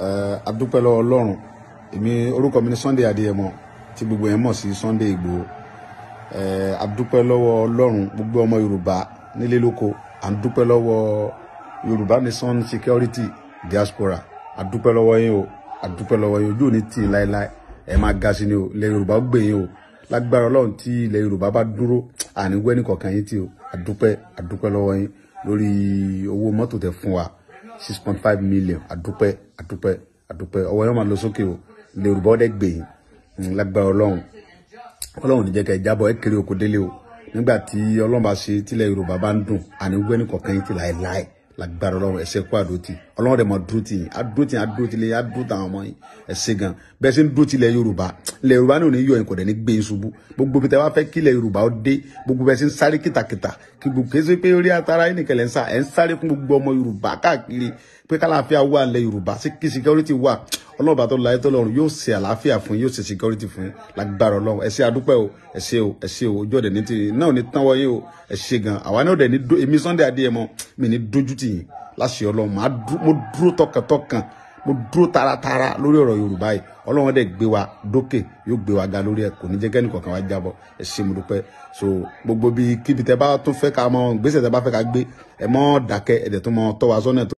Eh, adúpẹ́ lọ́wọ́ ọlọ́run èmi orúkọ mi ni Sunday Adéyẹmọ tí gbogbo yẹn mọ̀ sí Sunday Ìgbòho eh, adúpẹ́ lọ́wọ́ ọlọ́run gbogbo ọmọ Yorùbá nílé lóko à ń dúpẹ́ lọ́wọ́ Yorùbá Nation Security Diaspora adúpẹ́ lọ́wọ́ yín o adúpẹ́ lọ́wọ́ yín ojú ò ní tì í láéláé ẹ máa ga sí ni o ilẹ̀ Yorùbá gbè yín o lágbára ọlọ́run tí ilẹ̀ Yorùbá bá dúró àníwẹ́ ní kọ̀ọ̀kan yín tì o adúpẹ́ adúpẹ́ lọ́wọ́ yín lórí owó mọ́tò tẹ́ fún wa six point five million àdúpẹ́ àdúpẹ́ àdúpẹ́ ọwọ́ yóò máa lọ sókè o ilé yorùbá ọdẹ gbè yín mm, lágbára ọlọ́run ọlọ́run níjẹ́ ká ẹ jábọ̀ ẹ kéré oko délé o nígbà tí ọlọ́run bá ṣe tílẹ̀ yorùbá bá ń dùn àní gbẹ́ni kọ̀ọ̀kan yín ti láéláé lágbára ọlọ́run ẹ̀sẹ̀ kó àdótì ọlọ́run rẹ̀ mọ̀ dúrótì yìí àdótì yìí àdótì lè àdótì àwọn ọmọ yìí ẹ̀sẹ̀ gan bẹ́ẹ̀ sì ń dúrótì ilẹ̀ yorùbá ilẹ̀ yorùbá ní òní yọ ẹ̀kọ́ dẹ̀ ní gbé ṣubú gbogbo bí tẹ́ wá fẹ́ kí ilẹ̀ yorùbá ó dé gbogbo bẹ́ẹ̀ sì ń sáré kìtàkìtà kí gbogbo kí pé orí atara yìí nìkẹ̀lẹ̀ ń sá ẹ̀ ń sáré fún gbogbo ọmọ yorùbá káàkiri pé kálàáfíà wà ilẹ̀ yorùbá sí kí security wà ọlọ́run bá tó la ayétọ́ lọ́run yóò ṣe àlàáfíà fún yóò ṣe security fún lágbára ọlọ́run ẹ ṣé adúpẹ́ o ẹ ṣé o ẹ ṣé o ojú ọ̀dẹ̀ ní tìrì náà ò ní tán wọ́yé o ẹ ṣé gan àwa náà ọ̀dẹ̀ ní èmi Sunday Adéyẹmọ mi ní dojú tì yín láṣẹ ọlọ́run mo dúró tọkàntọkàn mo dúró taratara lórí ọ̀rọ̀ Yorùbá yìí ọlọ́run dẹ̀ gbé wa dókè yóò gbé wa ga lórí ẹ̀ kò ní jẹ́ kẹ́ni kọ̀ọ̀kan wa jábọ̀ ẹ ṣé mo dúpẹ́ so gbogbo bíi kíbi tẹ bá tún fẹ́ ká mọ gbèsè tẹ bá fẹ́ ká gbé ẹ mọ́ dákẹ́ ẹ̀dẹ̀ tó mọ tọ́ wa sọ́nà